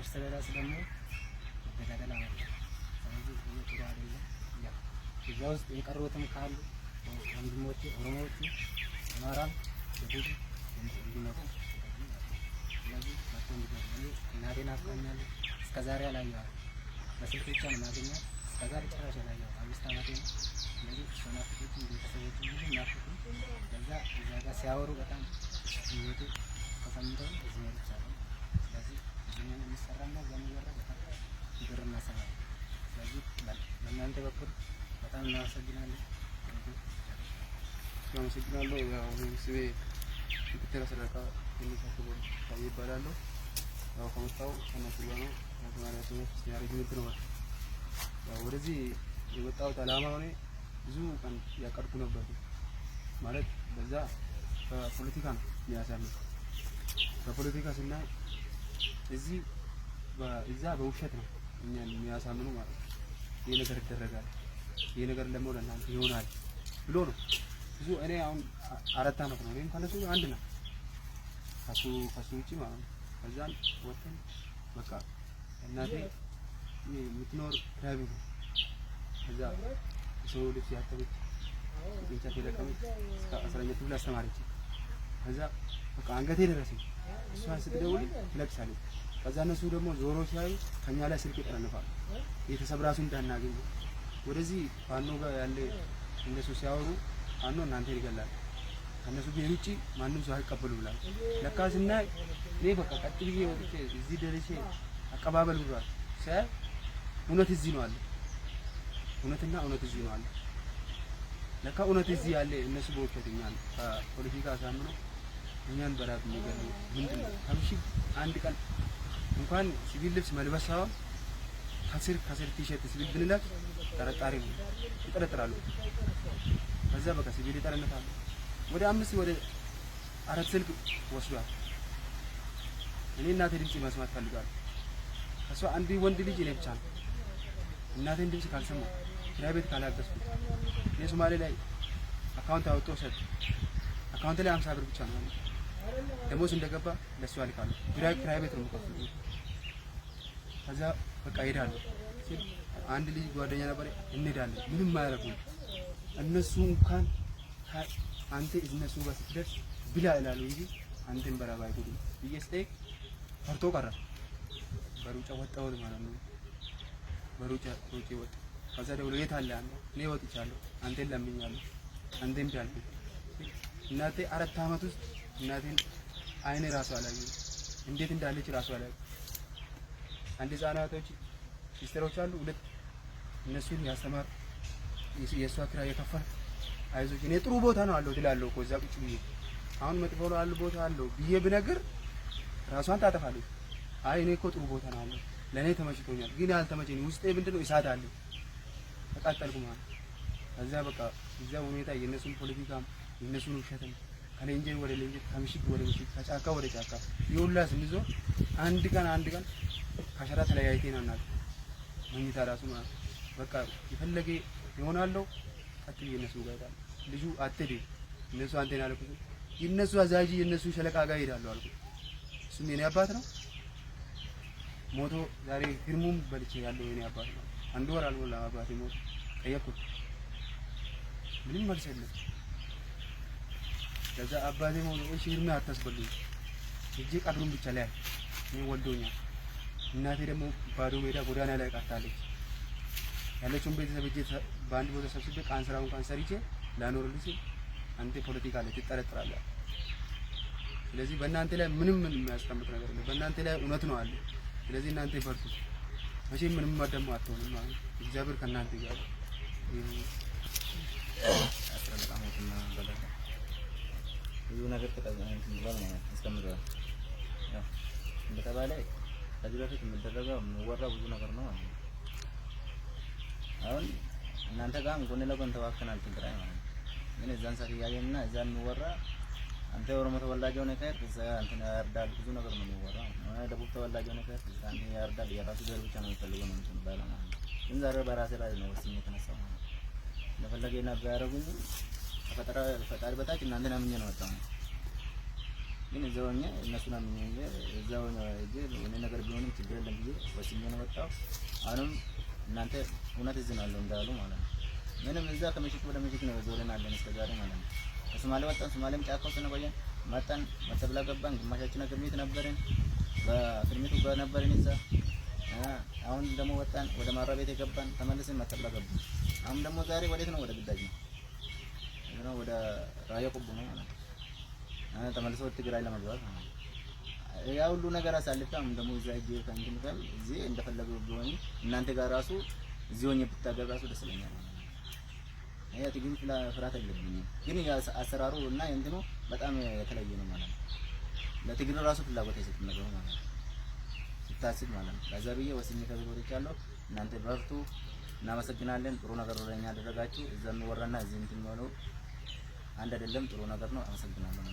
እርስ በራስ ደግሞ መገዳደል አመጣ። ስለዚህ ይህ ጥሩ አይደለም። ያ ውስጥ የቀሩትም ካሉ ወንድሞቼ ኦሮሞዎቹ፣ አማራ፣ ደቡብ እንዲመጡ ስለዚህ መቶ እንዲገቡ እናቴን አፍቃኛለሁ። እስከዛሬ አላየኋትም። በስልክ ብቻ ነው የማገኛት። እስከዛሬ ጭራሽ አላየኋት። አምስት አመቴ ነው። ስለዚህ ናፍቆችም ቤተሰቦች ሁሉ ናፍቁ። ከዛ እዛ ጋር ሲያወሩ በጣም ስሜቱ ተሰምተው እዚህ መጥቻለሁ። የሚሰራና እዛ የሚወራ ግብርና ስራ ነው። ስለዚህ በእናንተ በኩል በጣም እናመሰግናለን። አመሰግናለሁ። ያው ስሜ ምክትል አስረካ የሚሳክሎ ታዬ ይባላለሁ። ያው ከመጣሁ ከነሱላ ነው ተማሪያ ትምህርት ያረጅ ነው። ያው ወደዚህ የመጣሁት አላማ ሆኔ ብዙ ቀን ያቀድኩ ነበር ማለት በዛ በፖለቲካ ነው የሚያሳልፍ በፖለቲካ ስናይ እዚህ እዛ በውሸት ነው እኛ የሚያሳምኑ ማለት ነው። ይሄ ነገር ይደረጋል፣ ይሄ ነገር ደግሞ ለእናንተ ይሆናል ብሎ ነው ብዙ። እኔ አሁን አራት አመት ነው እኔም ከነሱ አንድ ነው ከሱ ከሱ ውጪ ማለት ነው። ከዛን ወጥተን በቃ እናቴ የምትኖር ክራቢ ነው። ከዛ ሰው ልብስ ያተበች እንጨት የለቀመች እስከ አስረኛ ክፍል አስተማሪች። ከዛ በቃ አንገቴ ደረሰኝ። እሷን ስትደውል ለቅሳለች። ከዛ እነሱ ደግሞ ዞሮ ሲያዩ ከኛ ላይ ስልክ ይጠነፋል። ቤተሰብ ራሱ እንዳናገኝ ወደዚህ ፋኖ ጋር ያለ እነሱ ሲያወሩ ፋኖ እናንተ ይገላል ከእነሱ ቤት ውጭ ማንም ሰው አይቀበሉ ብላል። ለካ ስናይ እኔ በቃ ቀጥ ብዬ ወጥቼ እዚህ ደረሴ አቀባበል ብሏል። እውነት እዚህ ነው አለ። እውነትና እውነት እዚህ ነው አለ። ለካ እውነት እዚህ ያለ እነሱ በውሸትኛ ፖለቲካ አሳምነው እኛን በራብ የሚገሉ ምንድን ነው? ሀምሺህ አንድ ቀን እንኳን ሲቪል ልብስ መልበሳው ከስር ከስር ቲሸርት ሲቪል ብንላት ጠረጣሪ ነው ይጠረጥራሉ። ከዛ በቃ ሲቪል ይጠረነፋሉ። ወደ አምስት ወደ አራት ስልክ ወስዷል። እኔ እናቴ ድምፅ መስማት ፈልጋለሁ። ከሷ አንድ ወንድ ልጅ እኔ ብቻ ነው። እናቴን ድምፅ ካልሰማ ኪራይ ቤት ካላገዝኩት እኔ ሶማሌ ላይ አካውንት አውጥቶ ሰጥ አካውንት ላይ 50 ብር ብቻ ነው ደሞዝ እንደገባ ለሱ ያልካሉ። ኪራይ ኪራይ ነው የምከፍለው። ከዛ በቃ እሄዳለሁ። አንድ ልጅ ጓደኛ ነበር፣ እንሄዳለን። ምንም አያደርጉም እነሱ። እንኳን አንተ እነሱ ጋር ስትደርስ ብላ ይላሉ እንጂ አንተን በረሃብ አይጎዱም ብዬ ፈርቶ ቀረ። በሩጫ ወጣሁት ማለት ነው። በሩጫ ሩጬ ወጣሁ። ከዛ ደውሎ የት አለ አለ። እኔ ወጥቻለሁ፣ አንተን ለምኛለሁ፣ አንተን ቢያልኩ እናቴ አራት አመት ውስጥ እናቴን አይኔ ራሱ አላየ እንዴት እንዳለች ራሱ አላየ። አንድ ህጻናቶች ሲስተሮች አሉ ሁለት እነሱን ያስተማር የእሷ ክራ የከፈል አይዞሽ እኔ ጥሩ ቦታ ነው አለው ትላለሁ እኮ እዛ ቁጭ ብዬ አሁን መጥፎ ነው አሉ ቦታ አለው ብዬ ብነግር ራሷን ታጠፋለች። አይ እኔ እኮ ጥሩ ቦታ ነው አለው ለእኔ ተመችቶኛል፣ ግን ያልተመቸኝ ውስጤ ምንድን ነው እሳት አለ ተቃጠልኩ ማለት ከዛ በቃ እዛ ሁኔታ የእነሱን ፖለቲካም የእነሱን ውሸትም ከሌንጀል ወደ ሌንጀል ከምሽግ ወደ ምሽግ ከጫካ ወደ ጫካ የሁላ ስንዞር አንድ ቀን አንድ ቀን ከሸራ ነው እናት መኝታ ራሱ ማለት በቃ የፈለገ ይሆናለሁ። ቀጥ እነሱ ጋር እሄዳለሁ። ልጁ አትዲ እነሱ አንተን አልኩት። የእነሱ አዛዥ የእነሱ ሸለቃ ጋር እሄዳለሁ አልኩ እሱም የኔ አባት ነው ሞቶ ዛሬ ህልሙም በልቼ ያለው የኔ አባት ነው። አንድ ወር አልሞላ አባቴ ሞቶ ጠየቅኩት። ምንም መልስ የለም። ከዛ አባቴ ሆኖ እሺ እርሜ አታስበሉኝ እጄ ቀብሩን ብቻ ላይ እኔ ወልዶኛል። እናቴ ደግሞ ባዶ ሜዳ ጎዳና ላይ ቀርታለች። ያለችውን ቤተሰብ እጄ በአንድ ቦታ ሰብስቤ ቃን ስራውን ቃን ሰርቼ ላኖርልሽ አንተ ፖለቲካ ላይ ትጠረጥራለህ። ስለዚህ በእናንተ ላይ ምንም ምን የሚያስቀምጥ ነገር የለም። በእናንተ ላይ እውነት ነው አለ። ስለዚህ እናንተ ይፈርቱ። መቼም ምንም ደግሞ አትሆንም ማለት እግዚአብሔር ከእናንተ ጋር ብዙ ነገር እንደተባለ ከዚህ በፊት የሚደረገው የሚወራው ብዙ ነገር ነው ማለት ነው። አሁን እናንተ ጋርም ጎን ለጎን ተዋክተናል ትግራይ ማለት ነው። ግን እዛን ሰዓት እያየንና እዛ የሚወራ አንተ የኦሮሞ ተወላጅ ሆነ ከሄድክ እዛ እንትን ያርዳል ብዙ ነገር ነው የሚወራ። ደቡብ ተወላጅ ሆነ ከሄድክ እዛ እንትን ያርዳል። የራሱ ዘር ብቻ ነው የሚፈልገው ነው እንትን ባለ ማለት ነው። ግን ዛሬ በራሴ ላይ ነው ወስኜ የተነሳው ማለት ነው። እንደፈለገ ና ቢያደርጉኝ ፈጣሪ በታች እናንተን አምኜ ነው ወጣሁ። ግን እዛው እኛ እነሱን አምኜ እንጂ እዛው የሆነ ነገር ቢሆንም ችግር የለም ብዬ ወስኜ ነው ወጣሁ። አሁንም እናንተ እውነት እዚህ እንዳሉ ማለት ነው። ምንም እዛ ከምሽት ወደ ምሽት ነው ዞረን አለን እስከዛሬ ማለት ነው። ከሶማሌ ወጣን፣ ሶማሌም ጫካ ውስጥ መጣን መተብላ ገባን። ግማሻችን አገርቤት ነበርን፣ በፍርሜቱ ነበርን እዛ አሁን ደግሞ ወጣን፣ ወደ ማራ ቤት የገባን ተመልሰን መተብላ ገባን። አሁን ደግሞ ዛሬ ወዴት ነው? ወደ ግዳጅ ነው ነው ወደ ራያ ቆቦ ነው ማለት ነው ተመልሶ ትግራይ ለመግባት ማለት ነው። ያ ሁሉ ነገር አሳልፈ ደግሞ እዛ ሄጄ ከእንትን እዚህ እንደፈለገው ቢሆን እናንተ ጋር ራሱ እዚህ ሆኜ ብታገር ራሱ ደስ ይለኛል። ያ ትግኝ ፍላ ፍራት የለብኝም፣ ግን አሰራሩ እና እንትኑ በጣም የተለየ ነው ማለት ነው። ለትግል ራሱ ፍላጎት አይሰጥም ነገሩ ማለት ነው ስታስብ ማለት ነው። ለዛ ብዬ ወስኜ ከዚህ ወጥቻለሁ። እናንተ በርቱ። እናመሰግናለን። ጥሩ ነገር ወደኛ አደረጋችሁ። እዛ የሚወራና እዚህ እንትን የሚሆነው አንድ አይደለም። ጥሩ ነገር ነው። አመሰግናለሁ።